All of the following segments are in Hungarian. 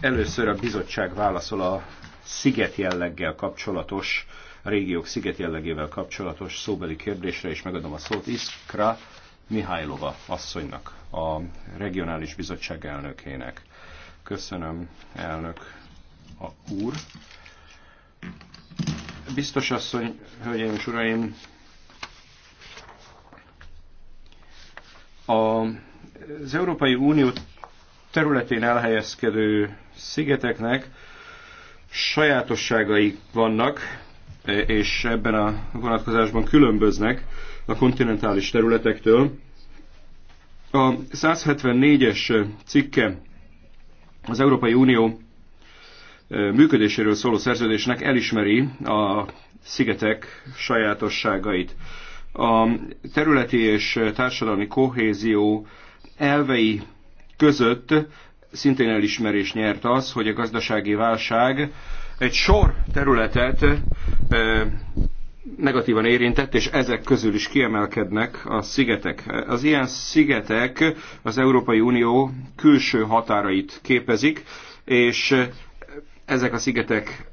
Először a bizottság válaszol a sziget jelleggel kapcsolatos, a régiók sziget jellegével kapcsolatos szóbeli kérdésre, és megadom a szót Iskra Mihálylova asszonynak, a regionális bizottság elnökének. Köszönöm, elnök a úr. Biztos asszony, hölgyeim és uraim, a, az Európai Unió területén elhelyezkedő szigeteknek sajátosságai vannak, és ebben a vonatkozásban különböznek a kontinentális területektől. A 174-es cikke az Európai Unió működéséről szóló szerződésnek elismeri a szigetek sajátosságait. A területi és társadalmi kohézió elvei között szintén elismerés nyert az, hogy a gazdasági válság egy sor területet negatívan érintett, és ezek közül is kiemelkednek a szigetek. Az ilyen szigetek az Európai Unió külső határait képezik, és ezek a szigetek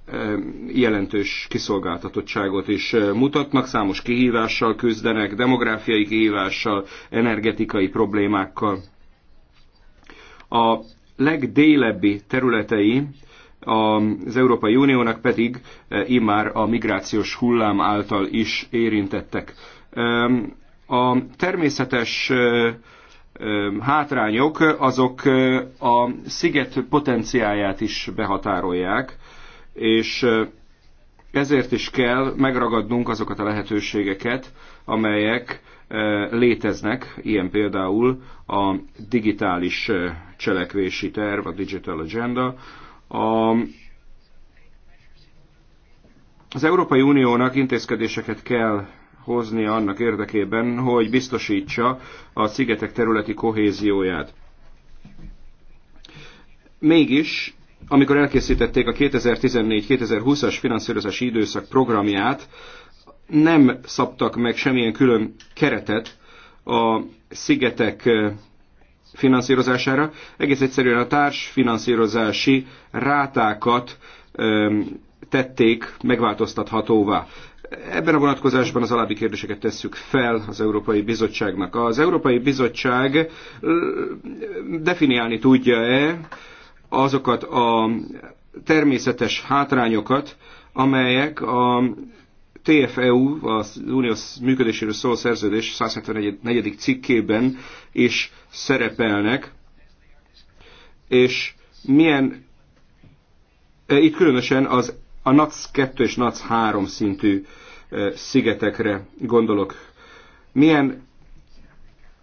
jelentős kiszolgáltatottságot is mutatnak, számos kihívással küzdenek, demográfiai kihívással, energetikai problémákkal. A legdélebbi területei az Európai Uniónak pedig e, immár a migrációs hullám által is érintettek. A természetes hátrányok azok a sziget potenciáját is behatárolják, és ezért is kell megragadnunk azokat a lehetőségeket, amelyek léteznek, ilyen például a digitális cselekvési terv, a Digital Agenda. A, az Európai Uniónak intézkedéseket kell hozni annak érdekében, hogy biztosítsa a szigetek területi kohézióját. Mégis, amikor elkészítették a 2014-2020-as finanszírozási időszak programját, nem szabtak meg semmilyen külön keretet a szigetek finanszírozására. Egész egyszerűen a társfinanszírozási rátákat tették megváltoztathatóvá. Ebben a vonatkozásban az alábbi kérdéseket tesszük fel az Európai Bizottságnak. Az Európai Bizottság definiálni tudja-e azokat a természetes hátrányokat, amelyek a TFEU, az uniós működéséről szóló szerződés 174. cikkében is szerepelnek, és milyen, e, itt különösen az, a NAC 2 és NAC 3 szintű e, szigetekre gondolok. Milyen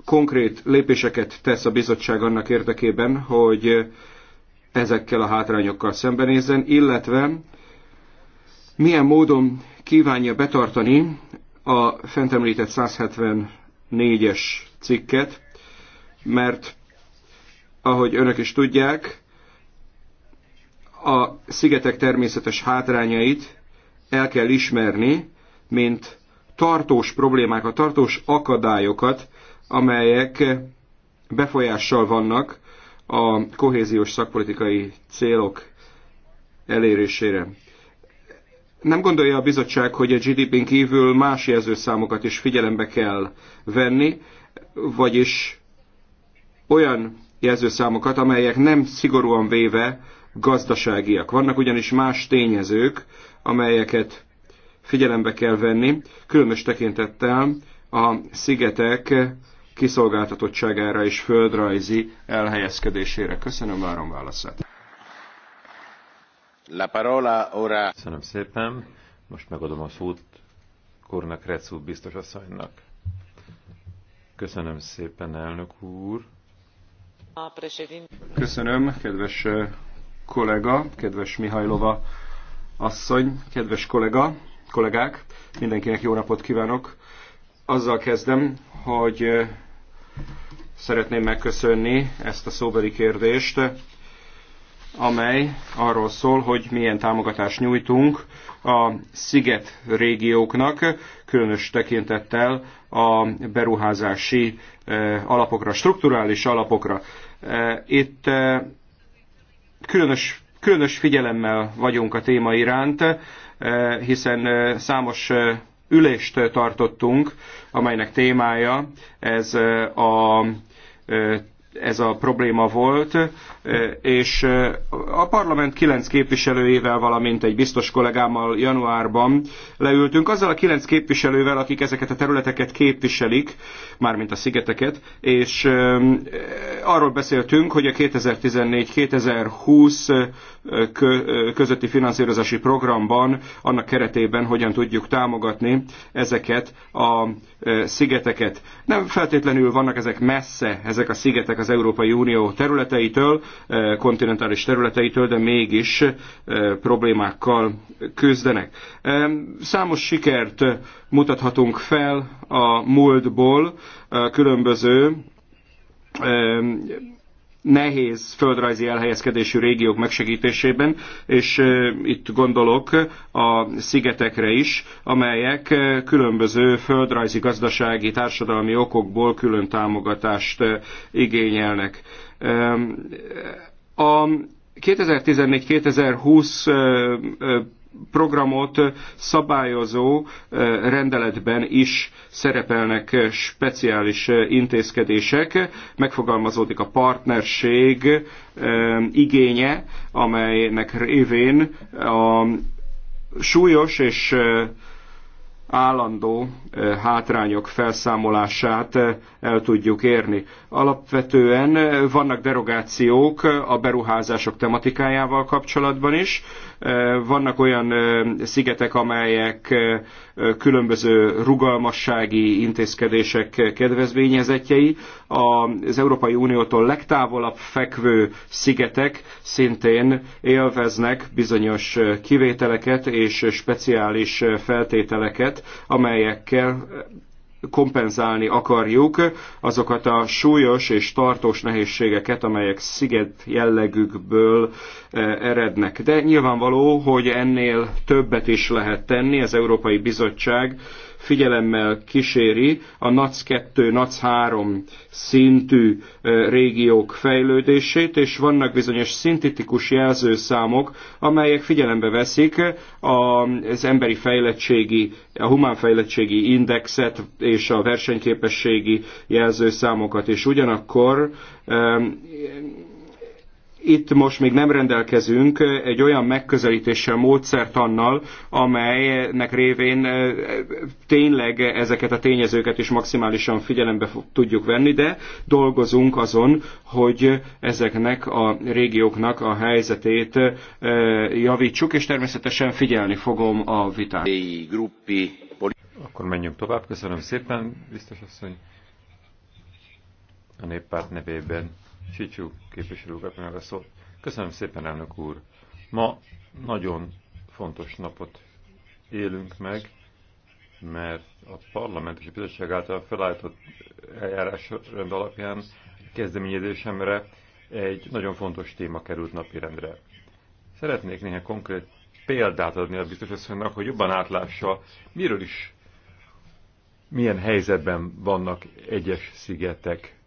konkrét lépéseket tesz a bizottság annak érdekében, hogy ezekkel a hátrányokkal szembenézzen, illetve milyen módon kívánja betartani a fent említett 174-es cikket, mert ahogy önök is tudják, a szigetek természetes hátrányait el kell ismerni, mint tartós problémákat, tartós akadályokat, amelyek befolyással vannak a kohéziós szakpolitikai célok elérésére. Nem gondolja a bizottság, hogy a GDP-n kívül más jelzőszámokat is figyelembe kell venni, vagyis olyan jelzőszámokat, amelyek nem szigorúan véve gazdaságiak. Vannak ugyanis más tényezők, amelyeket figyelembe kell venni, különös tekintettel a szigetek kiszolgáltatottságára és földrajzi elhelyezkedésére. Köszönöm, várom válaszát. La parola ora... Köszönöm szépen. Most megadom a szót Korna Kretszú biztos asszonynak. Köszönöm szépen, elnök úr. Köszönöm, kedves eh, kollega, kedves Mihajlova asszony, kedves kollega, kollégák, mindenkinek jó napot kívánok. Azzal kezdem, hogy eh, szeretném megköszönni ezt a szóbeli kérdést, amely arról szól, hogy milyen támogatást nyújtunk a sziget régióknak, különös tekintettel a beruházási eh, alapokra, strukturális alapokra. Eh, itt eh, különös, különös figyelemmel vagyunk a téma iránt, hiszen számos ülést tartottunk, amelynek témája ez a, ez a probléma volt és a parlament kilenc képviselőjével, valamint egy biztos kollégámmal januárban leültünk, azzal a kilenc képviselővel, akik ezeket a területeket képviselik, mármint a szigeteket, és arról beszéltünk, hogy a 2014-2020 közötti finanszírozási programban, annak keretében hogyan tudjuk támogatni ezeket a szigeteket. Nem feltétlenül vannak ezek messze, ezek a szigetek az Európai Unió területeitől, kontinentális területeitől, de mégis problémákkal küzdenek. Számos sikert mutathatunk fel a múltból, különböző nehéz földrajzi elhelyezkedésű régiók megsegítésében, és itt gondolok a szigetekre is, amelyek különböző földrajzi, gazdasági, társadalmi okokból külön támogatást igényelnek. A 2014-2020 programot szabályozó eh, rendeletben is szerepelnek eh, speciális eh, intézkedések. Megfogalmazódik a partnerség igénye, amelynek révén a súlyos és állandó hátrányok felszámolását el tudjuk érni. Alapvetően vannak derogációk a beruházások tematikájával kapcsolatban is. Vannak olyan szigetek, amelyek különböző rugalmassági intézkedések kedvezményezetjei. Az Európai Uniótól legtávolabb fekvő szigetek szintén élveznek bizonyos kivételeket és speciális feltételeket, amelyekkel kompenzálni akarjuk azokat a súlyos és tartós nehézségeket, amelyek sziget jellegükből e, erednek. De nyilvánvaló, hogy ennél többet is lehet tenni. Az Európai Bizottság figyelemmel kíséri a NAC 2, NAC 3 szintű régiók fejlődését, és vannak bizonyos szintetikus jelzőszámok, amelyek figyelembe veszik az emberi fejlettségi, a humánfejlettségi indexet és a versenyképességi jelzőszámokat, és ugyanakkor itt most még nem rendelkezünk eh, egy olyan megközelítéssel, módszertannal, amelynek révén eh, tényleg ezeket a tényezőket is maximálisan figyelembe tudjuk venni, de dolgozunk azon, hogy ezeknek a régióknak a helyzetét eh, javítsuk, és természetesen figyelni fogom a vitát. Akkor menjünk tovább. Köszönöm szépen, biztos asszony. A néppárt nevében Sicsú képviselő kapja a szót. Köszönöm szépen, elnök úr. Ma nagyon fontos napot élünk meg, mert a parlament és a bizottság által felállított eljárásrend alapján kezdeményezésemre egy nagyon fontos téma került napirendre. Szeretnék néhány konkrét példát adni a biztos összönnek, hogy jobban átlássa, miről is milyen helyzetben vannak egyes szigetek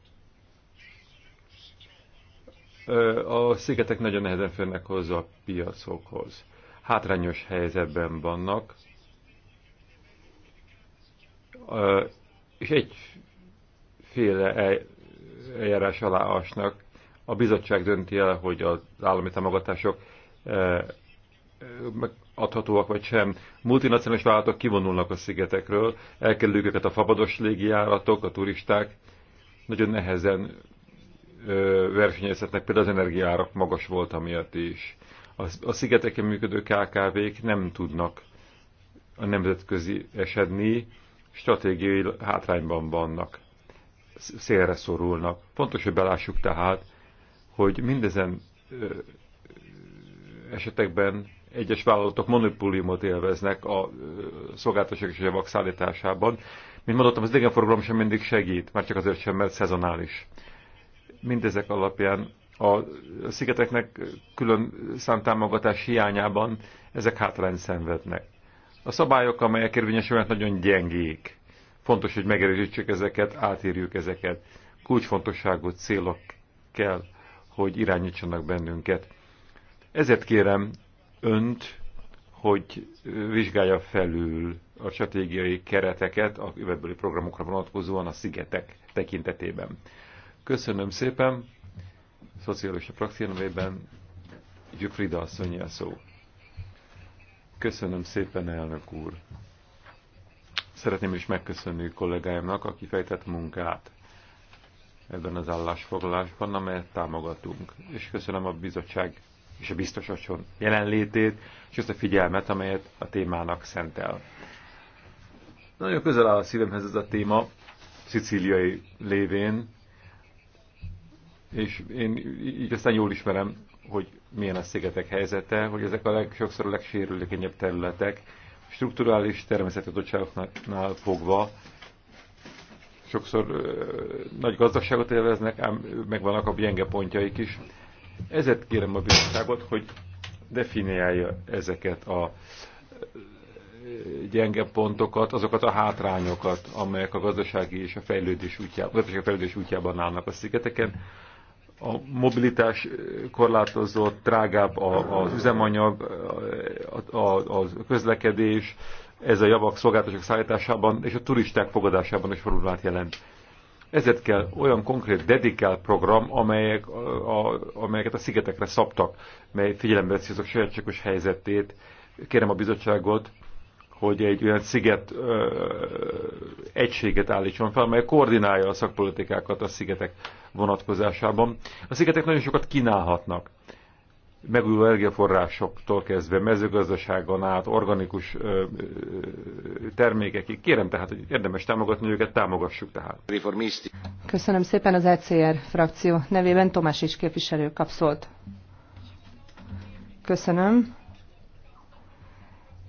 a szigetek nagyon nehezen férnek hozzá a piacokhoz. Hátrányos helyzetben vannak, és egyféle eljárás alá asnak. A bizottság dönti el, hogy az állami támogatások adhatóak vagy sem. Multinacionális vállalatok kivonulnak a szigetekről, elkerülik őket a fabados légijáratok, a turisták, nagyon nehezen versenyezhetnek, például az energiárak magas volt amiatt is. A, a szigeteken működő KKV-k nem tudnak a nemzetközi esedni, stratégiai hátrányban vannak, szélre szorulnak. Fontos, hogy belássuk tehát, hogy mindezen esetekben egyes vállalatok monopóliumot élveznek a szolgáltatások és a javak szállításában. Mint mondottam, az idegenforgalom sem mindig segít, már csak azért sem, mert szezonális Mindezek alapján a szigeteknek külön számtámogatás hiányában ezek hátrány szenvednek. A szabályok, amelyek érvényesülnek, nagyon gyengék. Fontos, hogy megerősítsük ezeket, átírjuk ezeket. Kulcsfontosságú célok kell, hogy irányítsanak bennünket. Ezért kérem önt, hogy vizsgálja felül a stratégiai kereteket a jövőbeli programokra vonatkozóan a szigetek tekintetében. Köszönöm szépen. szociális frakció nevében Gyufrida asszony szó. Köszönöm szépen, elnök úr. Szeretném is megköszönni kollégáimnak, aki fejtett munkát ebben az állásfoglalásban, amelyet támogatunk. És köszönöm a bizottság és a biztosason jelenlétét, és azt a figyelmet, amelyet a témának szentel. Nagyon közel áll a szívemhez ez a téma, szicíliai lévén, és én így aztán jól ismerem, hogy milyen a szigetek helyzete, hogy ezek a leg, sokszor a legsérülékenyebb területek, strukturális természettudottságoknál fogva, sokszor ö, nagy gazdaságot élveznek, ám megvannak a gyenge pontjaik is. Ezért kérem a bizottságot, hogy definiálja ezeket a gyenge pontokat, azokat a hátrányokat, amelyek a gazdasági és a fejlődés útjában, gazdasági fejlődés útjában állnak a szigeteken, a mobilitás eh, korlátozott, drágább az üzemanyag, eh, a, a, a közlekedés, ez a javak szolgáltatások szállításában és a turisták fogadásában is problémát jelent. Ezért kell olyan konkrét dedikált program, amelyek, a, amelyeket a szigetekre szabtak, mely figyelembe veszi azok sajátságos helyzetét. Kérem a bizottságot, hogy egy olyan sziget ö, egységet állítson fel, amely koordinálja a szakpolitikákat a szigetek vonatkozásában. A szigetek nagyon sokat kínálhatnak. Megújuló energiaforrásoktól kezdve mezőgazdaságon át, organikus ö, ö, termékekig. Kérem tehát, hogy érdemes támogatni őket, támogassuk tehát. Köszönöm szépen az ECR frakció nevében. Tomás is képviselő kapszolt. Köszönöm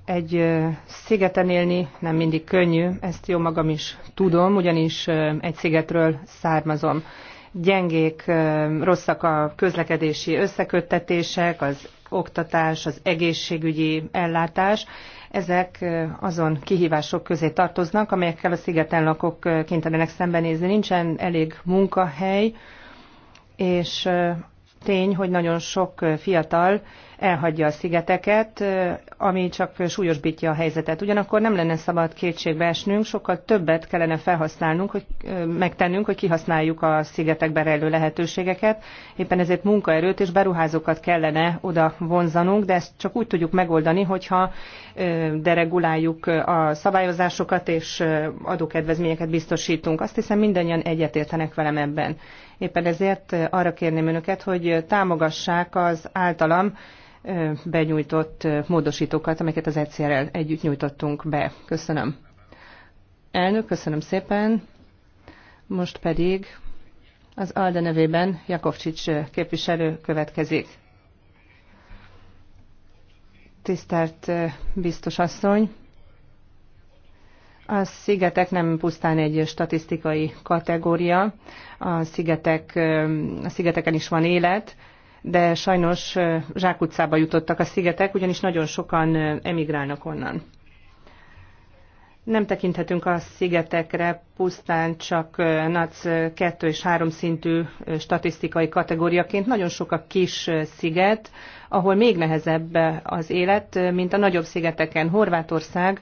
egy szigeten élni nem mindig könnyű, ezt jó magam is tudom, ugyanis egy szigetről származom. Gyengék, rosszak a közlekedési összeköttetések, az oktatás, az egészségügyi ellátás. Ezek azon kihívások közé tartoznak, amelyekkel a szigeten lakók kénytelenek szembenézni. Nincsen elég munkahely, és tény, hogy nagyon sok fiatal elhagyja a szigeteket, ami csak súlyosbítja a helyzetet. Ugyanakkor nem lenne szabad kétségbe esnünk, sokkal többet kellene felhasználnunk, hogy megtennünk, hogy kihasználjuk a szigetekben rejlő lehetőségeket. Éppen ezért munkaerőt és beruházókat kellene oda vonzanunk, de ezt csak úgy tudjuk megoldani, hogyha dereguláljuk a szabályozásokat és adókedvezményeket biztosítunk. Azt hiszem mindannyian egyetértenek velem ebben. Éppen ezért arra kérném önöket, hogy támogassák az általam benyújtott módosítókat, amelyeket az ECR-rel együtt nyújtottunk be. Köszönöm. Elnök, köszönöm szépen. Most pedig az ALDE nevében Jakovcsics képviselő következik. Tisztelt biztos asszony! A szigetek nem pusztán egy statisztikai kategória, a, szigetek, a szigeteken is van élet, de sajnos zsákutcába jutottak a szigetek, ugyanis nagyon sokan emigrálnak onnan. Nem tekinthetünk a szigetekre pusztán csak NAC 2 és 3 szintű statisztikai kategóriaként. Nagyon sok a kis sziget, ahol még nehezebb az élet, mint a nagyobb szigeteken. Horvátország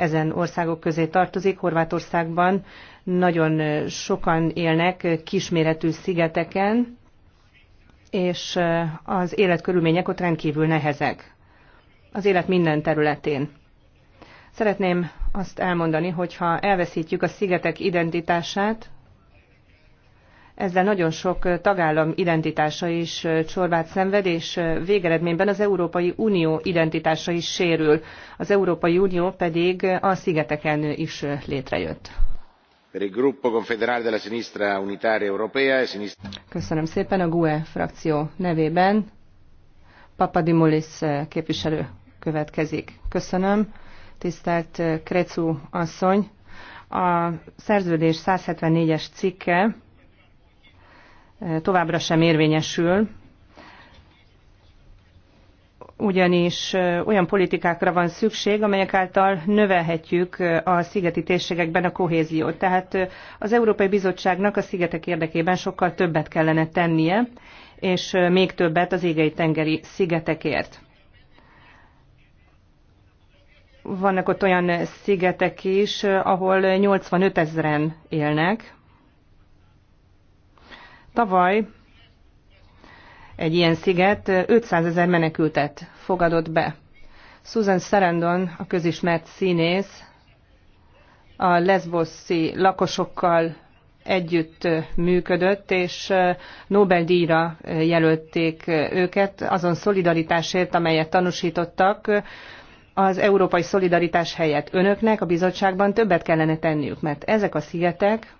ezen országok közé tartozik. Horvátországban nagyon sokan élnek kisméretű szigeteken, és az életkörülmények ott rendkívül nehezek. Az élet minden területén. Szeretném azt elmondani, hogy ha elveszítjük a szigetek identitását, ezzel nagyon sok tagállam identitása is csorbát szenved, és végeredményben az Európai Unió identitása is sérül. Az Európai Unió pedig a szigeteken is létrejött. E Köszönöm szépen a GUE frakció nevében. Papadimulis képviselő következik. Köszönöm. Tisztelt Krecu asszony, a szerződés 174-es cikke továbbra sem érvényesül, ugyanis olyan politikákra van szükség, amelyek által növelhetjük a szigeti térségekben a kohéziót. Tehát az Európai Bizottságnak a szigetek érdekében sokkal többet kellene tennie, és még többet az égei tengeri szigetekért. Vannak ott olyan szigetek is, ahol 85 ezeren élnek, Tavaly egy ilyen sziget 500 ezer menekültet fogadott be. Susan Sarandon, a közismert színész, a leszboszi lakosokkal együtt működött, és Nobel-díjra jelölték őket azon szolidaritásért, amelyet tanúsítottak az európai szolidaritás helyett. Önöknek a bizottságban többet kellene tenniük, mert ezek a szigetek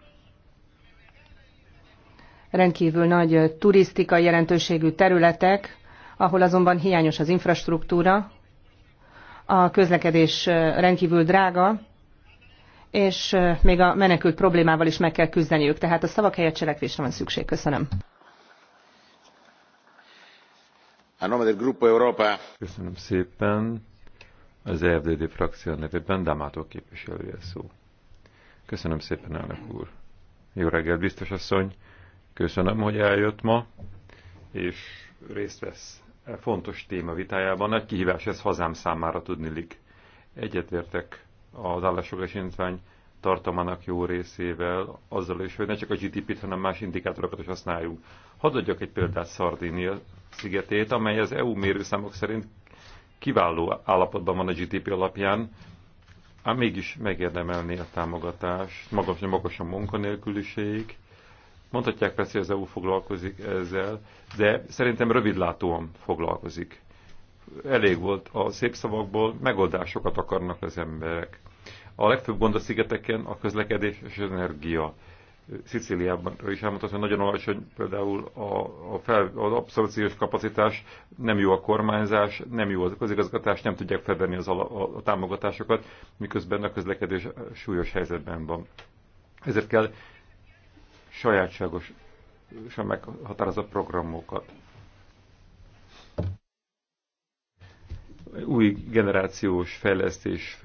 rendkívül nagy turisztikai jelentőségű területek, ahol azonban hiányos az infrastruktúra, a közlekedés rendkívül drága, és még a menekült problémával is meg kell küzdeniük. Tehát a szavak helyett cselekvésre van szükség. Köszönöm. A nome del Gruppo Europa. Köszönöm szépen. Az FDD frakció nevében Damátó képviselője szó. Köszönöm szépen, elnök úr. Jó reggelt, biztos asszony. Köszönöm, hogy eljött ma, és részt vesz e fontos téma vitájában. Nagy kihívás ez hazám számára tudnilik. Egyetértek az állásfoglalásintvány tartalmának jó részével, azzal is, hogy ne csak a GDP-t, hanem más indikátorokat is használjunk. Hadd adjak egy példát Szardinia szigetét, amely az EU mérőszámok szerint kiváló állapotban van a GDP alapján, ám mégis megérdemelné a támogatást, magas, magas a munkanélküliség, Mondhatják persze, hogy az EU foglalkozik ezzel, de szerintem rövidlátóan foglalkozik. Elég volt a szép szavakból, megoldásokat akarnak az emberek. A legfőbb gond a szigeteken a közlekedés és az energia. Szicíliában is elmondható, hogy nagyon alacsony például a, a fel, az abszorciós kapacitás, nem jó a kormányzás, nem jó az közigazgatás, nem tudják felvenni az a, a, a támogatásokat, miközben a közlekedés súlyos helyzetben van. Ezért kell sajátságos és a meghatározott programokat. Új generációs fejlesztés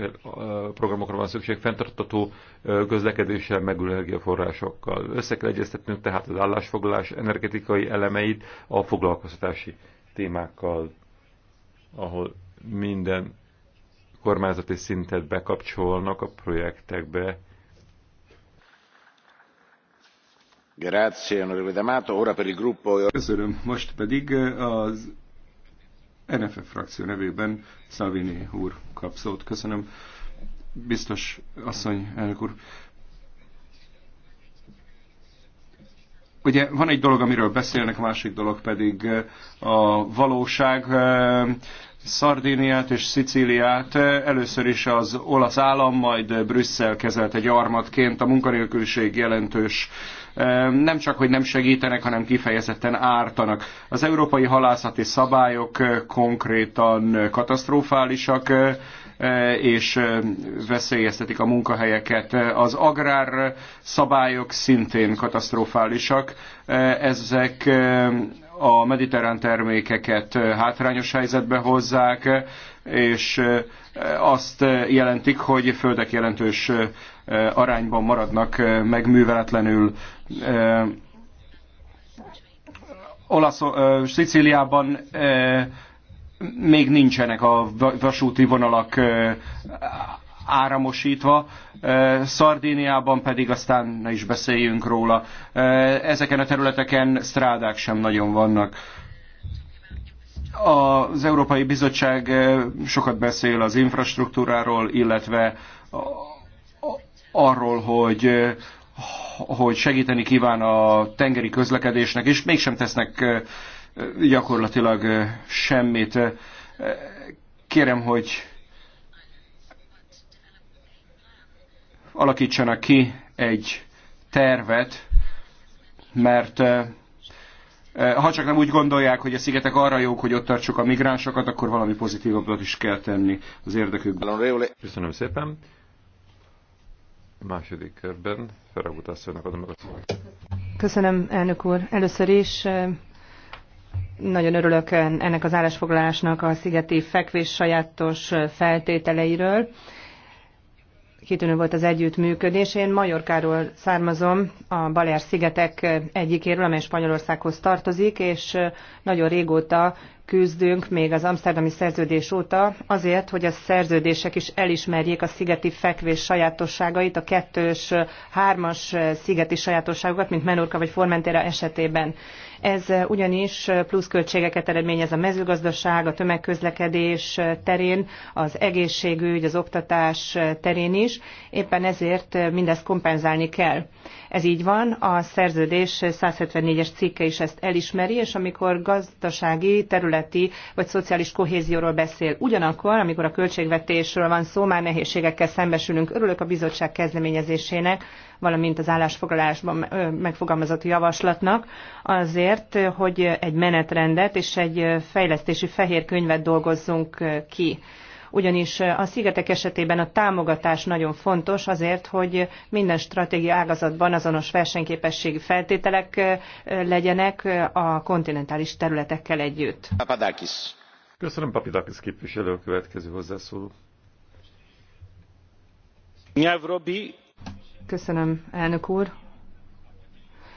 programokra van szükség, fenntartató közlekedéssel, megülő energiaforrásokkal. Össze kell egyeztetnünk tehát az állásfoglalás energetikai elemeit a foglalkoztatási témákkal, ahol minden kormányzati szintet bekapcsolnak a projektekbe, E Most pedig eh, az NFF frakció nevében salvini úr kap szót. Köszönöm. Biztos asszony, elnök úr. Ugye van egy dolog, amiről beszélnek, a másik dolog pedig eh, a valóság. Eh, Szardíniát és Szicíliát először is az olasz állam, majd Brüsszel egy armatként. A munkanélküliség jelentős nem csak, hogy nem segítenek, hanem kifejezetten ártanak. Az európai halászati szabályok konkrétan katasztrofálisak, és veszélyeztetik a munkahelyeket. Az agrár szabályok szintén katasztrofálisak. Ezek a mediterrán termékeket hátrányos helyzetbe hozzák, és azt jelentik, hogy földek jelentős arányban maradnak megműveletlenül. Olasz, Szicíliában még nincsenek a vasúti vonalak áramosítva, Szardéniában pedig aztán ne is beszéljünk róla. Ezeken a területeken strádák sem nagyon vannak. Az Európai Bizottság sokat beszél az infrastruktúráról, illetve arról, hogy hogy segíteni kíván a tengeri közlekedésnek, és mégsem tesznek gyakorlatilag semmit. Kérem, hogy alakítsanak ki egy tervet, mert eh, eh, ha csak nem úgy gondolják, hogy a szigetek arra jók, hogy ott tartsuk a migránsokat, akkor valami pozitívabbat is kell tenni az érdekükben. Köszönöm szépen. A második körben Feragut asszonynak adom meg a szót. Köszönöm, elnök úr. Először is eh, nagyon örülök ennek az állásfoglalásnak a szigeti fekvés sajátos feltételeiről kitűnő volt az együttműködés. Én Majorkáról származom, a Balear szigetek egyikéről, amely Spanyolországhoz tartozik, és nagyon régóta küzdünk még az Amsterdami szerződés óta, azért, hogy a szerződések is elismerjék a szigeti fekvés sajátosságait, a kettős, hármas szigeti sajátosságokat, mint Menorca vagy Formentera esetében. Ez ugyanis pluszköltségeket eredményez a mezőgazdaság, a tömegközlekedés terén, az egészségügy, az oktatás terén is. Éppen ezért mindezt kompenzálni kell. Ez így van, a szerződés 174-es cikke is ezt elismeri, és amikor gazdasági terület területi vagy szociális kohézióról beszél. Ugyanakkor, amikor a költségvetésről van szó, már nehézségekkel szembesülünk. Örülök a bizottság kezdeményezésének, valamint az állásfoglalásban megfogalmazott javaslatnak, azért, hogy egy menetrendet és egy fejlesztési fehér könyvet dolgozzunk ki ugyanis eh, a szigetek esetében a támogatás nagyon fontos azért, hogy minden stratégia ágazatban azonos versenyképességi feltételek eh, legyenek eh, a kontinentális területekkel együtt. Papadakis. Köszönöm, Papadakis képviselő, a következő hozzászóló. Köszönöm, elnök úr.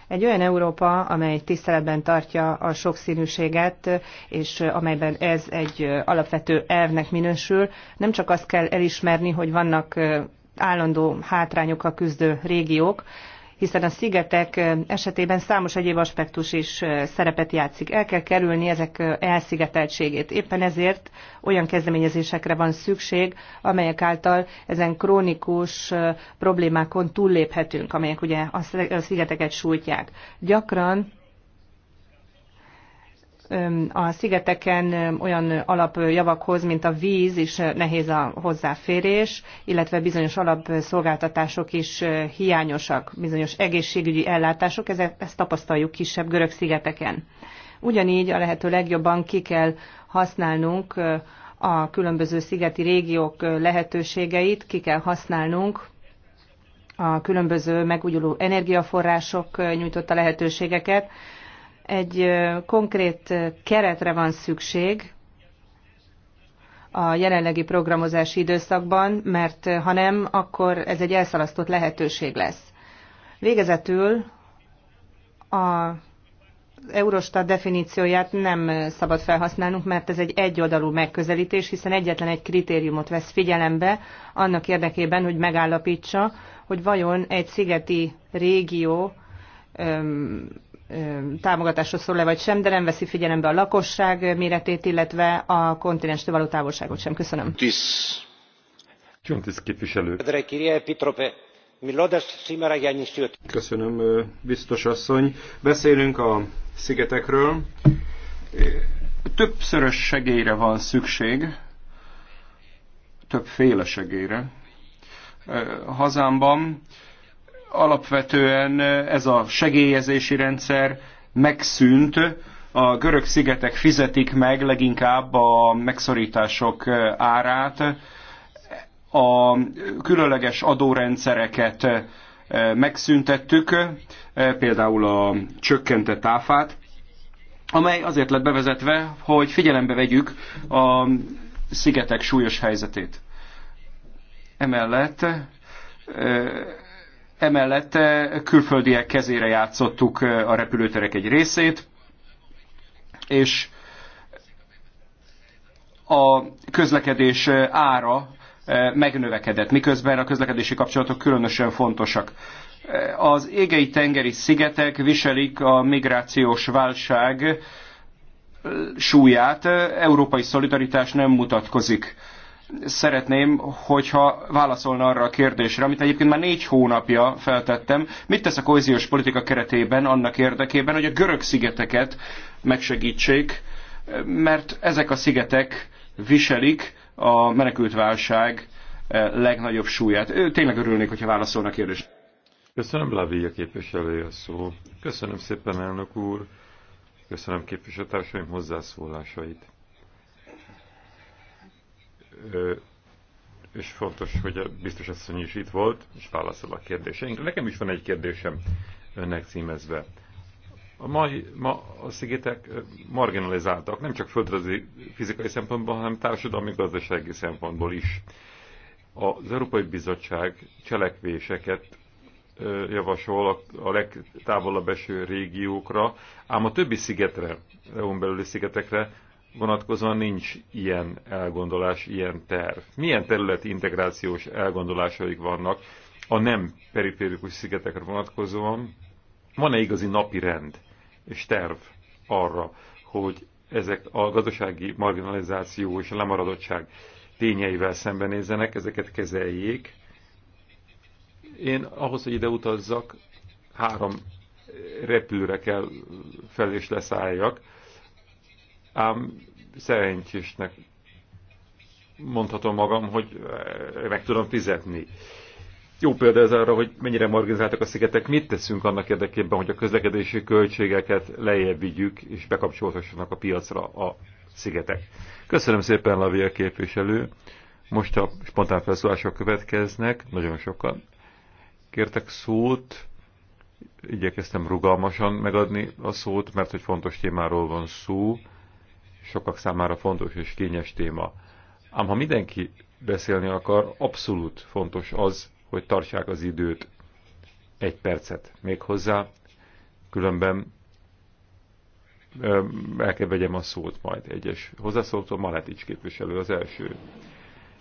Egy olyan Európa, amely tiszteletben tartja a sokszínűséget, és amelyben ez egy alapvető elvnek minősül, nem csak azt kell elismerni, hogy vannak állandó hátrányokkal küzdő régiók, hiszen a szigetek esetében számos egyéb aspektus is szerepet játszik. El kell kerülni ezek elszigeteltségét. Éppen ezért olyan kezdeményezésekre van szükség, amelyek által ezen krónikus problémákon túlléphetünk, amelyek ugye a szigeteket sújtják. Gyakran a szigeteken olyan alapjavakhoz, mint a víz is nehéz a hozzáférés, illetve bizonyos alapszolgáltatások is hiányosak, bizonyos egészségügyi ellátások, ezt tapasztaljuk kisebb görög szigeteken. Ugyanígy a lehető legjobban ki kell használnunk a különböző szigeti régiók lehetőségeit, ki kell használnunk a különböző megújuló energiaforrások nyújtotta lehetőségeket, egy konkrét keretre van szükség a jelenlegi programozási időszakban, mert ha nem, akkor ez egy elszalasztott lehetőség lesz. Végezetül a Eurostat definícióját nem szabad felhasználnunk, mert ez egy egyoldalú megközelítés, hiszen egyetlen egy kritériumot vesz figyelembe annak érdekében, hogy megállapítsa, hogy vajon egy szigeti régió öm, támogatásra szól-e vagy sem, de nem veszi figyelembe a lakosság méretét, illetve a kontinens való távolságot sem. Köszönöm. Tisz. Csontis képviselő. Köszönöm, biztos asszony. Beszélünk a szigetekről. Többszörös segélyre van szükség, többféle segélyre. Hazámban alapvetően eh, ez a segélyezési rendszer megszűnt, a görög szigetek fizetik meg leginkább a megszorítások eh, árát, a különleges adórendszereket eh, megszüntettük, például a csökkentett áfát, amely azért lett bevezetve, hogy figyelembe vegyük a szigetek súlyos helyzetét. Emellett Emellett eh, külföldiek kezére játszottuk eh, a repülőterek egy részét, és a közlekedés eh, ára megnövekedett, miközben a közlekedési kapcsolatok különösen fontosak. Az égei tengeri szigetek viselik a migrációs válság súlyát, európai szolidaritás nem mutatkozik szeretném, hogyha válaszolna arra a kérdésre, amit egyébként már négy hónapja feltettem. Mit tesz a kohéziós politika keretében annak érdekében, hogy a görög szigeteket megsegítsék, mert ezek a szigetek viselik a menekültválság eh, legnagyobb súlyát. tényleg örülnék, hogyha válaszolna a kérdést. Köszönöm, Lavi, a a szó. Köszönöm szépen, elnök úr. Köszönöm képviselőtársaim hozzászólásait és fontos, hogy a biztos asszony is itt volt, és válaszol a kérdéseinkre. Nekem is van egy kérdésem önnek címezve. A mai, ma a szigetek marginalizáltak, nem csak földrajzi fizikai szempontból, hanem társadalmi gazdasági szempontból is. Az Európai Bizottság cselekvéseket javasol a legtávolabb eső régiókra, ám a többi szigetre, EU-n belüli szigetekre vonatkozóan nincs ilyen elgondolás, ilyen terv. Milyen területi integrációs elgondolásaik vannak a nem periférikus szigetekre vonatkozóan? Van-e igazi napi rend és terv arra, hogy ezek a gazdasági marginalizáció és a lemaradottság tényeivel szembenézzenek, ezeket kezeljék. Én ahhoz, hogy ide utazzak, három repülőre kell fel és leszálljak, Ám szerencsésnek mondhatom magam, hogy eh, meg tudom fizetni. Jó példa ez arra, hogy mennyire marginalizáltak a szigetek, mit teszünk annak érdekében, hogy a közlekedési költségeket lejjebb vigyük, és bekapcsolhassanak a piacra a szigetek. Köszönöm szépen, Lavia képviselő. Most a spontán felszólások következnek, nagyon sokan kértek szót, igyekeztem rugalmasan megadni a szót, mert hogy fontos témáról van szó sokak számára fontos és kényes téma. Ám ha mindenki beszélni akar, abszolút fontos az, hogy tartsák az időt egy percet még hozzá, különben el kell vegyem a szót majd egyes hozzászóltó, Maletics képviselő az első.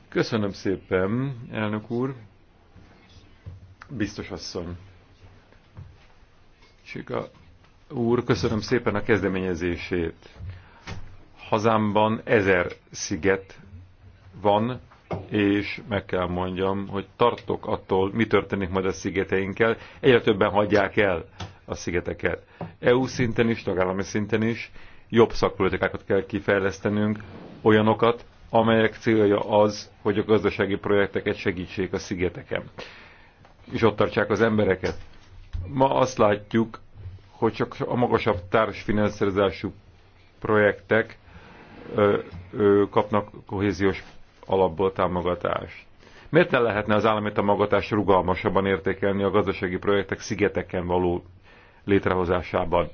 Köszönöm szépen, elnök úr. Biztos asszony. Csika úr, köszönöm szépen a kezdeményezését. Hazámban ezer sziget van, és meg kell mondjam, hogy tartok attól, mi történik majd a szigeteinkkel. Egyre többen hagyják el a szigeteket. EU szinten is, tagállami szinten is jobb szakpolitikákat kell kifejlesztenünk, olyanokat, amelyek célja az, hogy a gazdasági projekteket segítsék a szigeteken, és ott tartsák az embereket. Ma azt látjuk, hogy csak a magasabb társfinanszírozású projektek ö, ö, kapnak kohéziós alapból támogatást. Miért ne lehetne az állami támogatást rugalmasabban értékelni a gazdasági projektek szigeteken való létrehozásában?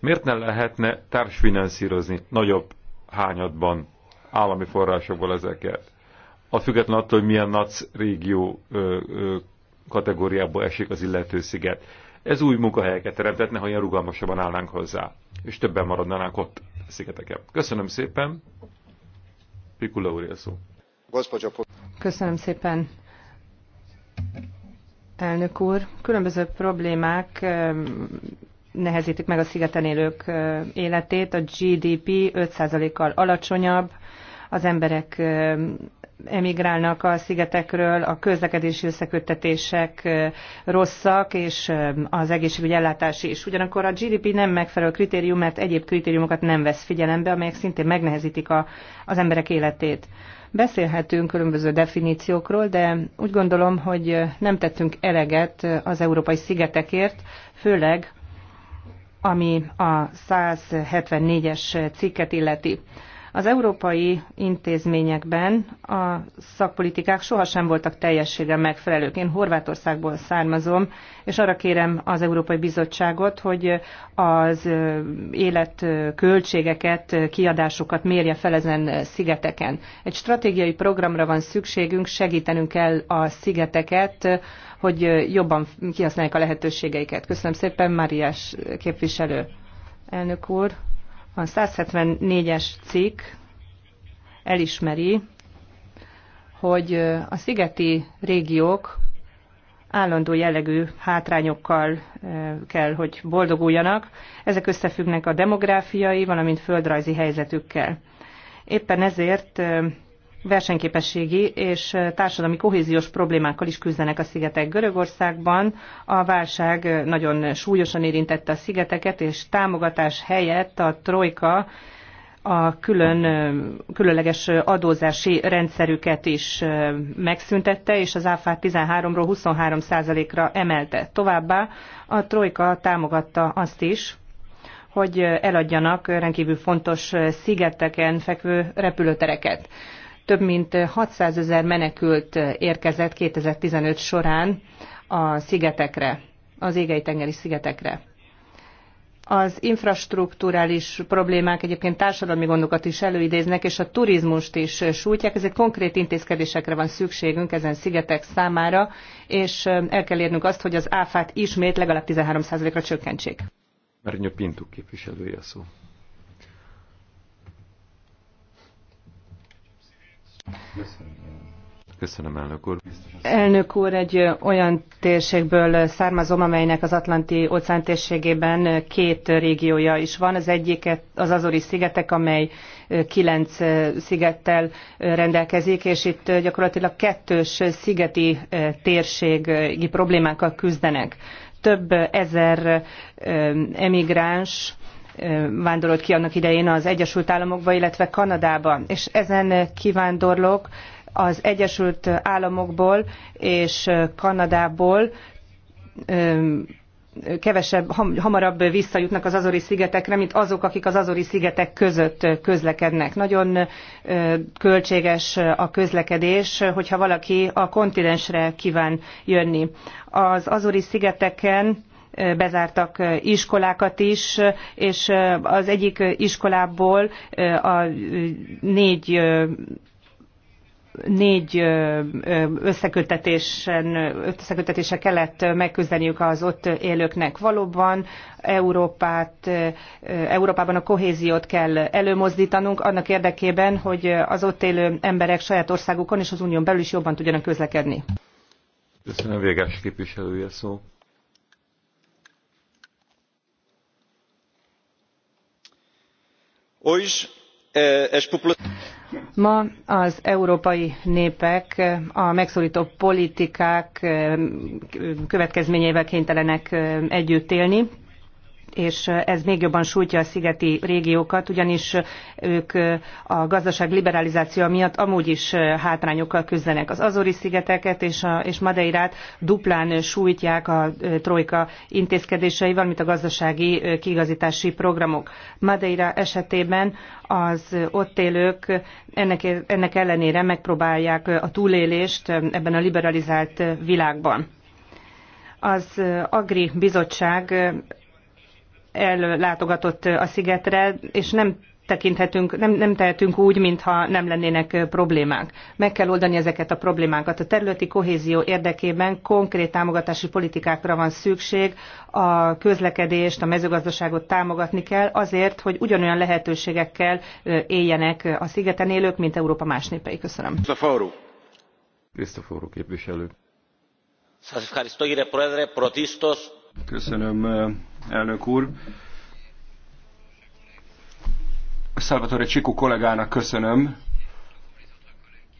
Miért ne lehetne társfinanszírozni nagyobb hányadban állami forrásokból ezeket? A független attól, hogy milyen NAC régió ö, ö, kategóriából esik az illető sziget. Ez új munkahelyeket teremtetne, ha ilyen rugalmasabban állnánk hozzá, és többen maradnánk ott szigeteken. Köszönöm szépen. Pikula úr szó. Köszönöm szépen. Elnök úr, különböző problémák nehezítik meg a szigeten élők életét. A GDP 5%-kal alacsonyabb, az emberek emigrálnak a szigetekről, a közlekedési összeköttetések rosszak, és az egészségügyi ellátás is. Ugyanakkor a GDP nem megfelelő kritérium, mert egyéb kritériumokat nem vesz figyelembe, amelyek szintén megnehezítik a, az emberek életét. Beszélhetünk különböző definíciókról, de úgy gondolom, hogy nem tettünk eleget az európai szigetekért, főleg ami a 174-es cikket illeti. Az európai intézményekben a szakpolitikák sohasem voltak teljességgel megfelelők. Én Horvátországból származom, és arra kérem az Európai Bizottságot, hogy az élet költségeket, kiadásokat mérje fel ezen szigeteken. Egy stratégiai programra van szükségünk, segítenünk kell a szigeteket, hogy jobban kihasználják a lehetőségeiket. Köszönöm szépen, Máriás képviselő. Elnök úr, a 174-es cikk elismeri, hogy a szigeti régiók állandó jellegű hátrányokkal kell, hogy boldoguljanak. Ezek összefüggnek a demográfiai, valamint földrajzi helyzetükkel. Éppen ezért versenyképességi és társadalmi kohéziós problémákkal is küzdenek a szigetek Görögországban. A válság nagyon súlyosan érintette a szigeteket, és támogatás helyett a trojka a külön, különleges adózási rendszerüket is megszüntette, és az áfát 13-ról 23 ra emelte. Továbbá a Trojka támogatta azt is, hogy eladjanak rendkívül fontos szigeteken fekvő repülőtereket. Több mint 600 ezer menekült érkezett 2015 során a szigetekre, az égei-tengeri szigetekre. Az infrastruktúrális problémák egyébként társadalmi gondokat is előidéznek, és a turizmust is sújtják, ezért konkrét intézkedésekre van szükségünk ezen szigetek számára, és el kell érnünk azt, hogy az áfát ismét legalább 13%-ra csökkentsék. Mernyő Pintuk képviselője szó. Köszönöm, elnök úr. Elnök úr, egy olyan térségből származom, amelynek az Atlanti óceán térségében két régiója is van. Az egyiket az Azori szigetek, amely kilenc szigettel rendelkezik, és itt gyakorlatilag kettős szigeti térségi problémákkal küzdenek. Több ezer eh, emigráns vándorolt ki annak idején az Egyesült Államokba, illetve Kanadába. És ezen kivándorlók az Egyesült Államokból és Kanadából kevesebb, hamarabb visszajutnak az Azori szigetekre, mint azok, akik az Azori szigetek között közlekednek. Nagyon költséges a közlekedés, hogyha valaki a kontinensre kíván jönni. Az Azori szigeteken bezártak iskolákat is, és az egyik iskolából a négy négy összekötetésen, összekötetése kellett megküzdeniük az ott élőknek. Valóban Európát, Európában a kohéziót kell előmozdítanunk annak érdekében, hogy az ott élő emberek saját országukon és az unión belül is jobban tudjanak közlekedni. Köszönöm, véges képviselője szó. ma az európai népek a megszortó politikák eh, következményeivel kénytelenek eh, együtt élni és ez még jobban sújtja a szigeti régiókat, ugyanis ők a gazdaság liberalizáció miatt amúgy is hátrányokkal küzdenek. Az Azori-szigeteket és, a, és Madeirát duplán sújtják a trojka intézkedései, valamint a gazdasági kigazítási programok. Madeira esetében az ott élők ennek, ennek ellenére megpróbálják a túlélést ebben a liberalizált világban. Az Agri Bizottság ellátogatott a szigetre, és nem tekinthetünk, nem, nem tehetünk úgy, mintha nem lennének problémák. Meg kell oldani ezeket a problémákat. A területi kohézió érdekében konkrét támogatási politikákra van szükség, a közlekedést, a mezőgazdaságot támogatni kell azért, hogy ugyanolyan lehetőségekkel éljenek a szigeten élők, mint Európa más népei. Köszönöm. Krisztoforú. Krisztoforú képviselő. Σας ευχαριστώ κύριε Köszönöm, elnök úr. Salvatore Csikó kollégának köszönöm,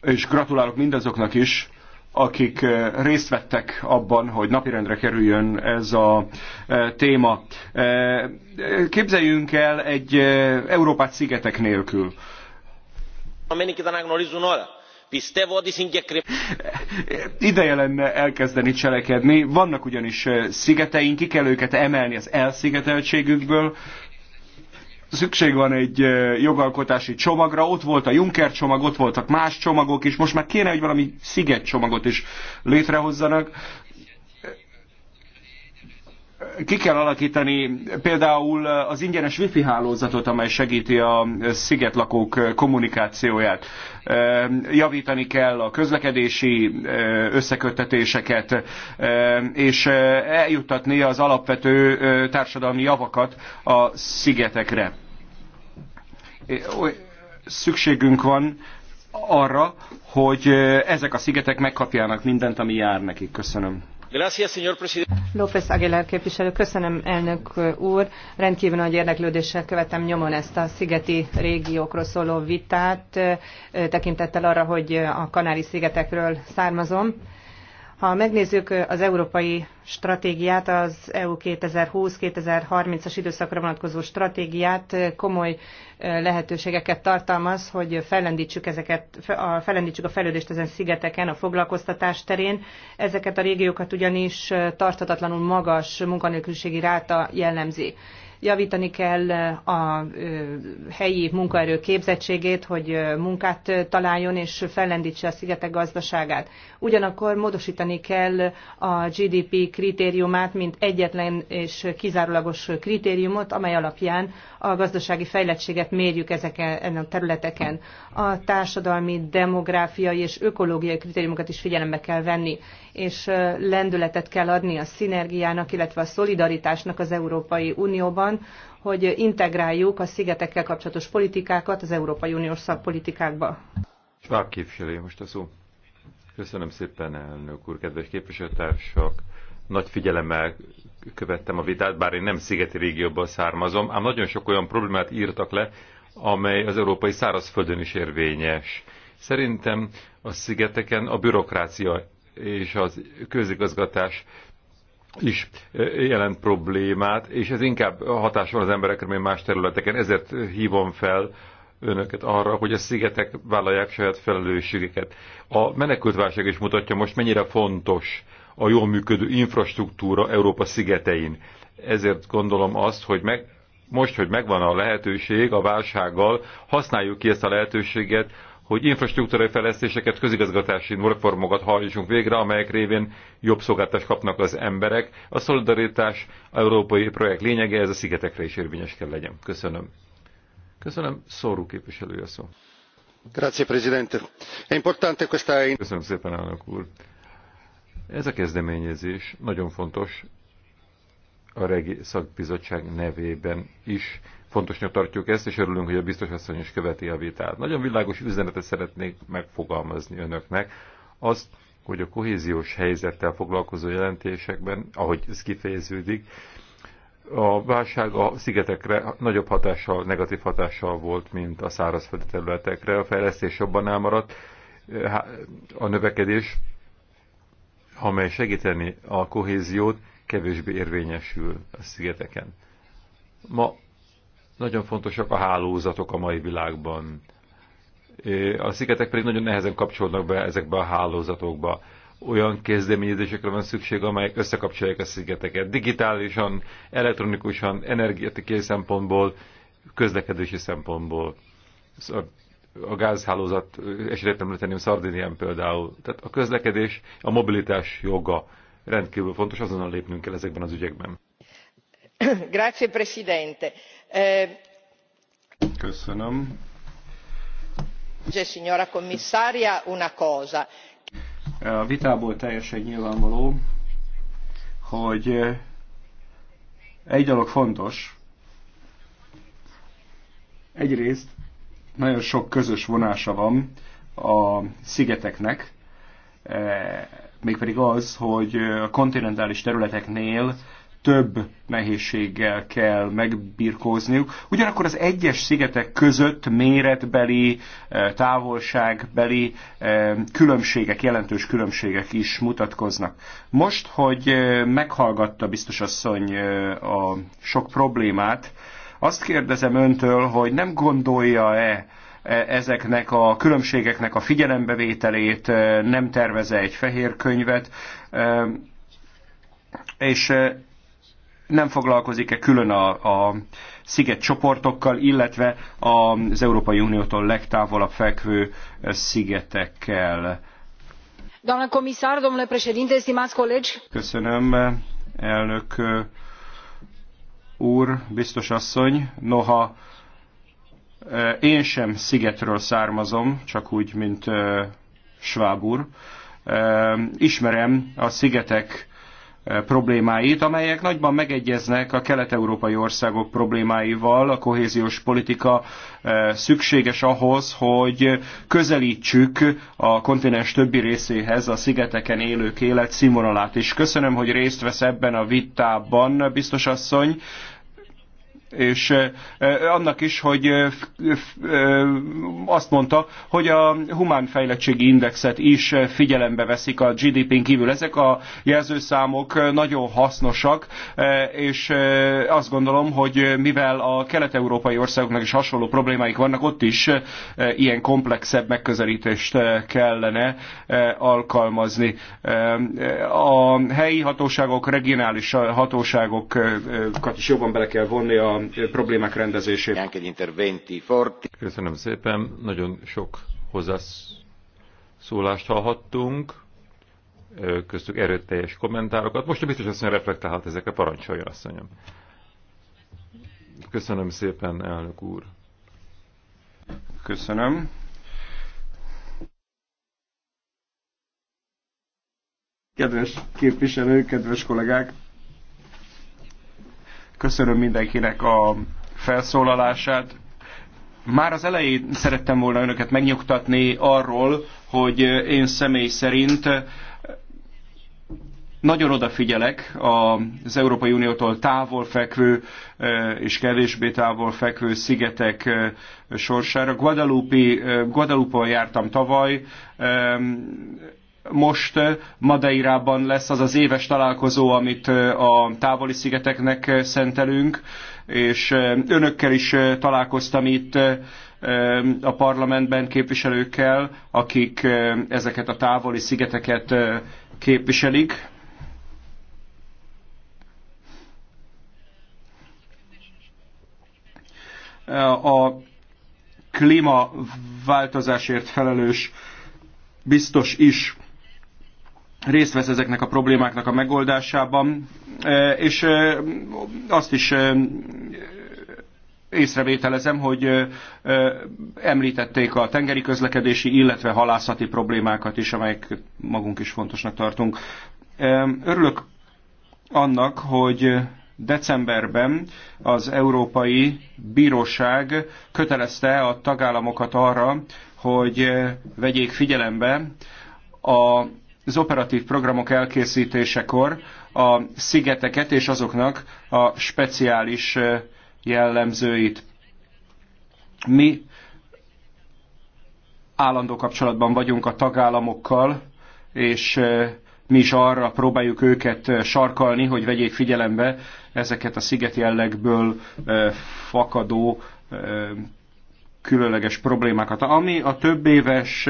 és gratulálok mindazoknak is, akik részt vettek abban, hogy napirendre kerüljön ez a téma. Képzeljünk el egy Európát szigetek nélkül. Amennyi kitanák norizun óra. Ideje lenne elkezdeni cselekedni. Vannak ugyanis szigeteink, ki kell őket emelni az elszigeteltségükből. Szükség van egy jogalkotási csomagra, ott volt a Juncker csomag, ott voltak más csomagok is, most már kéne, hogy valami csomagot is létrehozzanak ki kell alakítani például az ingyenes wifi hálózatot, amely segíti a szigetlakók kommunikációját. Javítani kell a közlekedési összeköttetéseket, és eljuttatni az alapvető társadalmi javakat a szigetekre. Szükségünk van arra, hogy ezek a szigetek megkapjanak mindent, ami jár nekik. Köszönöm. López Aguilar képviselő, köszönöm elnök úr. rendkvül nagy érdeklődéssel követem nyomon ezt a szigeti régiókról szóló vitát, tekintettel arra, hogy a Kanári-szigetekről származom ha megnézzük az európai stratégiát, az EU 2020-2030-as időszakra vonatkozó stratégiát, komoly lehetőségeket tartalmaz, hogy fellendítsük, ezeket, fellendítsük a fejlődést ezen szigeteken, a foglalkoztatás terén. Ezeket a régiókat ugyanis tarthatatlanul magas munkanélküliségi ráta jellemzi javítani kell a helyi munkaerő képzettségét, hogy munkát találjon és fellendítse a szigetek gazdaságát. Ugyanakkor módosítani kell a GDP kritériumát, mint egyetlen és kizárólagos kritériumot, amely alapján a gazdasági fejlettséget mérjük ezeken a területeken. A társadalmi, demográfiai és ökológiai kritériumokat is figyelembe kell venni és lendületet kell adni a szinergiának, illetve a szolidaritásnak az Európai Unióban, hogy integráljuk a szigetekkel kapcsolatos politikákat az Európai Uniós szakpolitikákba. Schwab képviselő, most a szó. Köszönöm szépen, elnök úr, kedves képviselőtársak! Nagy figyelemmel követtem a vitát, bár én nem szigeti régióból származom, ám nagyon sok olyan problémát írtak le, amely az európai szárazföldön is érvényes. Szerintem a szigeteken a bürokrácia és az közigazgatás is jelent problémát, és ez inkább hatással az emberekre, mint más területeken. Ezért hívom fel önöket arra, hogy a szigetek vállalják saját felelősségeket. A menekültválság is mutatja most, mennyire fontos a jól működő infrastruktúra Európa szigetein. Ezért gondolom azt, hogy meg, most, hogy megvan a lehetőség a válsággal, használjuk ki ezt a lehetőséget, hogy infrastruktúrai fejlesztéseket, közigazgatási reformokat hajtsunk végre, amelyek révén jobb szolgáltást kapnak az emberek. A szolidaritás a európai projekt lényege, ez a szigetekre is érvényes kell legyen. Köszönöm. Köszönöm, Szórú képviselő a szó. Grazie, Presidente. È importante questa... Köszönöm szépen, elnök úr. Ez a kezdeményezés nagyon fontos a Regi Szakbizottság nevében is, fontosnak tartjuk ezt, és örülünk, hogy a biztos asszony is követi a vitát. Nagyon világos üzenetet szeretnék megfogalmazni önöknek. Azt, hogy a kohéziós helyzettel foglalkozó jelentésekben, ahogy ez kifejeződik, a válság a szigetekre nagyobb hatással, negatív hatással volt, mint a szárazföldi területekre. A fejlesztés jobban elmaradt, a növekedés, amely segíteni a kohéziót, kevésbé érvényesül a szigeteken. Ma nagyon fontosak a hálózatok a mai világban. A szigetek pedig nagyon nehezen kapcsolnak be ezekbe a hálózatokba. Olyan kezdeményezésekre van szükség, amelyek összekapcsolják a szigeteket. Digitálisan, elektronikusan, energetikai szempontból, közlekedési szempontból. a gázhálózat, esetleg említeném Szardinien például. Tehát a közlekedés, a mobilitás joga rendkívül fontos, azonnal lépnünk kell ezekben az ügyekben. Grazie, Presidente. Köszönöm. cosa. A vitából teljesen nyilvánvaló, hogy eh, egy dolog fontos. Egyrészt nagyon sok közös vonása van a szigeteknek, eh, mégpedig az, hogy a kontinentális területeknél több nehézséggel kell megbirkózniuk. Ugyanakkor az egyes szigetek között méretbeli, eh, távolságbeli eh, különbségek, jelentős különbségek is mutatkoznak. Most, hogy eh, meghallgatta biztos asszony a sok problémát, azt kérdezem öntől, hogy nem gondolja-e, ezeknek a különbségeknek a figyelembevételét, nem terveze egy fehér könyvet, és nem foglalkozik-e külön a, a sziget csoportokkal, illetve az Európai Uniótól legtávolabb fekvő szigetekkel. Doamnă comisar, domnule președinte, stimați colegi. Köszönöm, elnök úr, biztos asszony. Noha én sem szigetről származom, csak úgy, mint Schwab úr. Ismerem a szigetek Eh, problémáit, amelyek nagyban megegyeznek a kelet-európai országok problémáival. A kohéziós politika eh, szükséges ahhoz, hogy közelítsük a kontinens többi részéhez a szigeteken élők életszínvonalát is. Köszönöm, hogy részt vesz ebben a vitában, biztos asszony és annak is, hogy azt mondta, hogy a humán fejlettségi indexet is figyelembe veszik a GDP-n kívül. Ezek a jelzőszámok nagyon hasznosak, és azt gondolom, hogy mivel a kelet-európai országoknak is hasonló problémáik vannak, ott is ilyen komplexebb megközelítést kellene alkalmazni. A helyi hatóságok, regionális hatóságokat is jobban bele kell vonni a problémák rendezését. Köszönöm szépen, nagyon sok hozzászólást hallhattunk, köztük erőteljes kommentárokat. Most biztos asszony reflektálhat ezekre, parancsoljon asszonyom. Köszönöm szépen, elnök úr. Köszönöm. Kedves képviselők, kedves kollégák! Köszönöm mindenkinek a felszólalását. Már az elején szerettem volna önöket megnyugtatni arról, hogy én személy szerint nagyon odafigyelek az Európai Uniótól távol fekvő és kevésbé távol fekvő szigetek sorsára. Guadalupe-on jártam tavaly, most eh, Madeirában lesz az az éves találkozó, amit eh, a távoli szigeteknek eh, szentelünk, és önökkel is találkoztam itt a parlamentben képviselőkkel, akik ezeket a távoli szigeteket képviselik. A klímaváltozásért felelős biztos is részt vesz ezeknek a problémáknak a megoldásában, e, és e, azt is e, észrevételezem, hogy említették a tengeri közlekedési, illetve halászati problémákat is, amelyek magunk is fontosnak tartunk. Örülök annak, hogy decemberben az Európai Bíróság kötelezte a tagállamokat arra, hogy vegyék figyelembe a az operatív programok elkészítésekor a szigeteket és azoknak a speciális jellemzőit. Mi állandó kapcsolatban vagyunk a tagállamokkal, és mi is arra próbáljuk őket sarkalni, hogy vegyék figyelembe ezeket a sziget jellegből fakadó különleges problémákat. Ami a több éves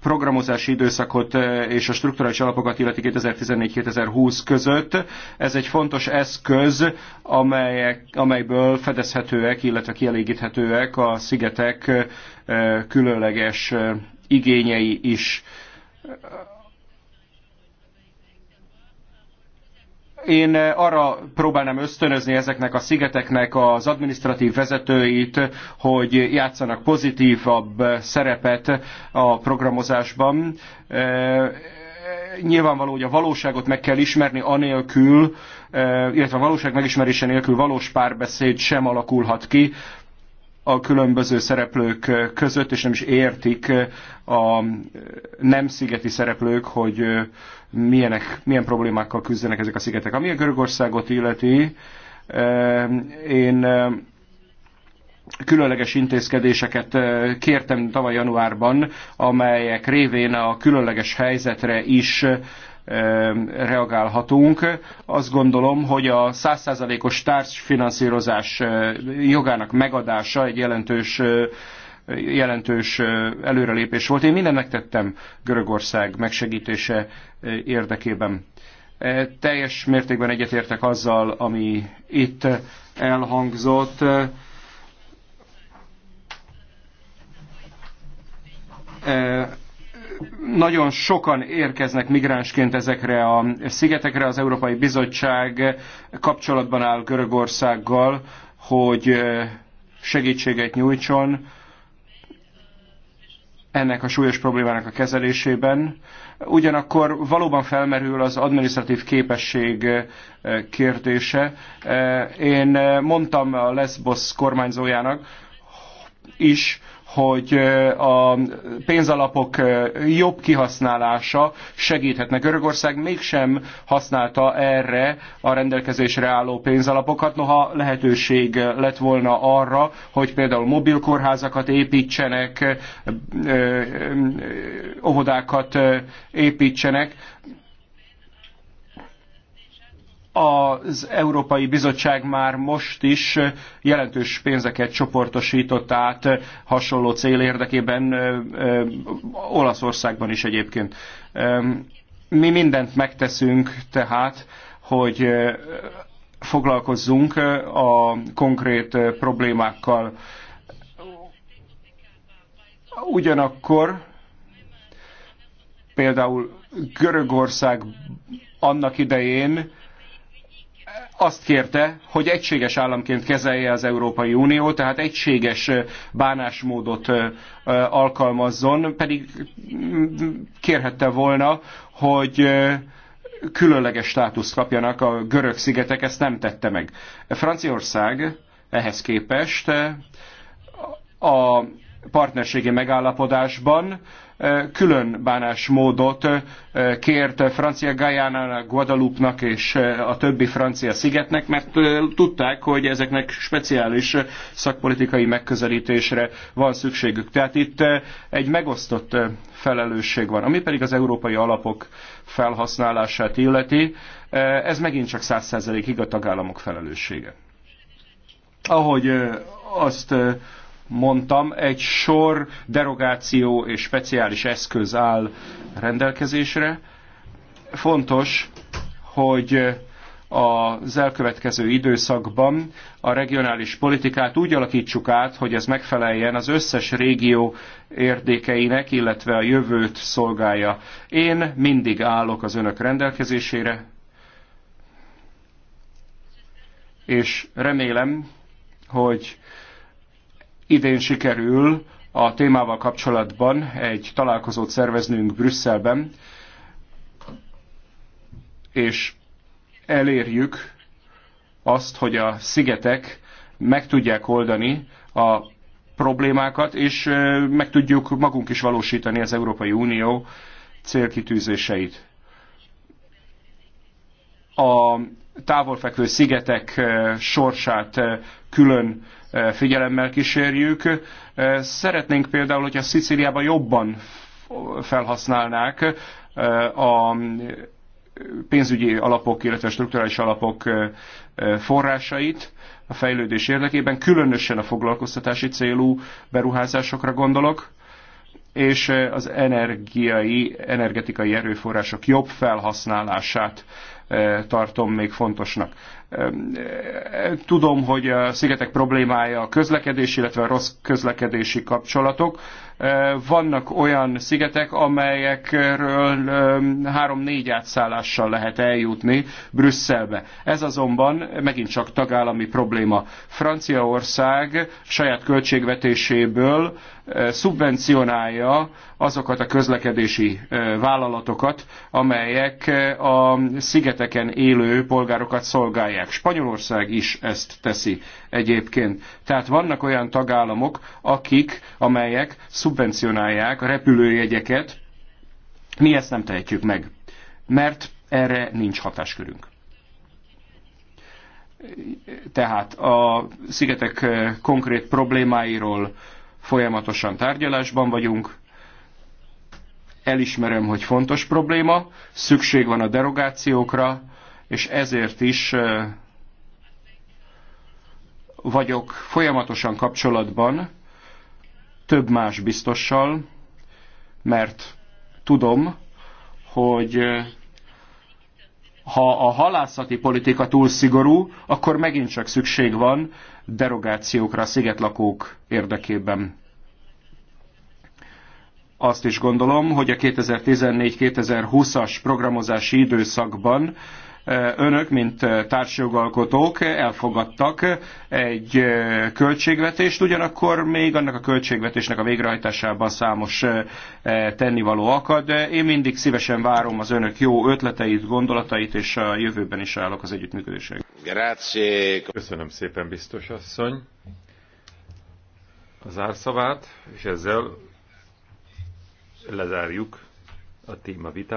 programozási időszakot eh, és a strukturális alapokat illeti 2014-2020 között. Ez egy fontos eszköz, amelyek, amelyből fedezhetőek, illetve kielégíthetőek a szigetek eh, különleges eh, igényei is Én eh, arra próbálnám ösztönözni ezeknek a szigeteknek az administratív vezetőit, hogy játszanak pozitívabb eh, szerepet a programozásban eh, nyilvánvaló, hogy a valóságot meg kell ismerni anélkül, illetve a valóság megismerése nélkül valós párbeszéd sem alakulhat ki a különböző szereplők között, és nem is értik a nem szigeti szereplők, hogy milyenek, milyen problémákkal küzdenek ezek a szigetek. Ami a Görögországot illeti, én különleges intézkedéseket kértem tavaly januárban, amelyek révén a különleges helyzetre is reagálhatunk. Azt gondolom, hogy a 100 társfinanszírozás jogának megadása egy jelentős jelentős előrelépés volt. Én mindent megtettem Görögország megsegítése érdekében. Teljes mértékben egyetértek azzal, ami itt elhangzott. Nagyon sokan érkeznek migránsként ezekre a szigetekre. Az Európai Bizottság kapcsolatban áll Görögországgal, hogy segítséget nyújtson ennek a súlyos problémának a kezelésében. Ugyanakkor valóban felmerül az administratív képesség kérdése. Én mondtam a Lesbos kormányzójának is, hogy a pénzalapok jobb kihasználása segíthetne. Görögország mégsem használta erre a rendelkezésre álló pénzalapokat, noha lehetőség lett volna arra, hogy például mobilkórházakat építsenek, óvodákat építsenek, az Európai Bizottság már most is jelentős pénzeket csoportosított át hasonló cél érdekében, Olaszországban is egyébként. Mi mindent megteszünk tehát, hogy foglalkozzunk a konkrét problémákkal. Ugyanakkor például Görögország annak idején azt kérte, hogy egységes államként kezelje az Európai Unió, tehát egységes bánásmódot alkalmazzon, pedig mm, kérhette volna, hogy különleges státuszt kapjanak a görög szigetek, ezt nem tette meg. Franciaország ehhez képest a partnerségi megállapodásban külön bánásmódot kért Francia guyana guadeloupe nak és a többi francia szigetnek, mert tudták, hogy ezeknek speciális szakpolitikai megközelítésre van szükségük. Tehát itt egy megosztott felelősség van. Ami pedig az európai alapok felhasználását illeti, ez megint csak 100%-ig a tagállamok felelőssége. Ahogy azt mondtam, egy sor derogáció és speciális eszköz áll rendelkezésre. Fontos, hogy az elkövetkező időszakban a regionális politikát úgy alakítsuk át, hogy ez megfeleljen az összes régió érdékeinek, illetve a jövőt szolgálja. Én mindig állok az önök rendelkezésére, és remélem, hogy Idén sikerül a témával kapcsolatban egy találkozót szerveznünk Brüsszelben, és elérjük azt, hogy a szigetek meg tudják oldani a problémákat, és meg tudjuk magunk is valósítani az Európai Unió célkitűzéseit. A távolfekvő szigetek eh, sorsát eh, külön eh, figyelemmel kísérjük. Szeretnénk például, hogyha Szicíliában jobban felhasználnák a pénzügyi alapok, illetve strukturális alapok forrásait a fejlődés érdekében, különösen a foglalkoztatási célú beruházásokra gondolok, és az energiai, energetikai erőforrások jobb felhasználását tartom még fontosnak. Tudom, hogy a szigetek problémája a közlekedés, illetve a rossz közlekedési kapcsolatok. Vannak olyan szigetek, amelyekről három-négy átszállással lehet eljutni Brüsszelbe. Ez azonban megint csak tagállami probléma. Franciaország saját költségvetéséből szubvencionálja azokat a közlekedési vállalatokat, amelyek a szigeteken élő polgárokat szolgálják. Spanyolország is ezt teszi egyébként. Tehát vannak olyan tagállamok, akik, amelyek szubvencionálják a repülőjegyeket. Mi ezt nem tehetjük meg, mert erre nincs hatáskörünk tehát a szigetek konkrét problémáiról folyamatosan tárgyalásban vagyunk, elismerem, hogy fontos probléma, szükség van a derogációkra, és ezért is vagyok folyamatosan kapcsolatban több más biztossal, mert tudom, hogy ha a halászati politika túl szigorú, akkor megint csak szükség van derogációkra a szigetlakók érdekében. Azt is gondolom, hogy a 2014-2020-as programozási időszakban önök, mint társjogalkotók elfogadtak egy költségvetést, ugyanakkor még annak a költségvetésnek a végrehajtásában számos tennivaló akad. Én mindig szívesen várom az önök jó ötleteit, gondolatait, és a jövőben is állok az együttműködésre. Köszönöm szépen, biztos asszony. Az árszavát, és ezzel lezárjuk a téma vitát.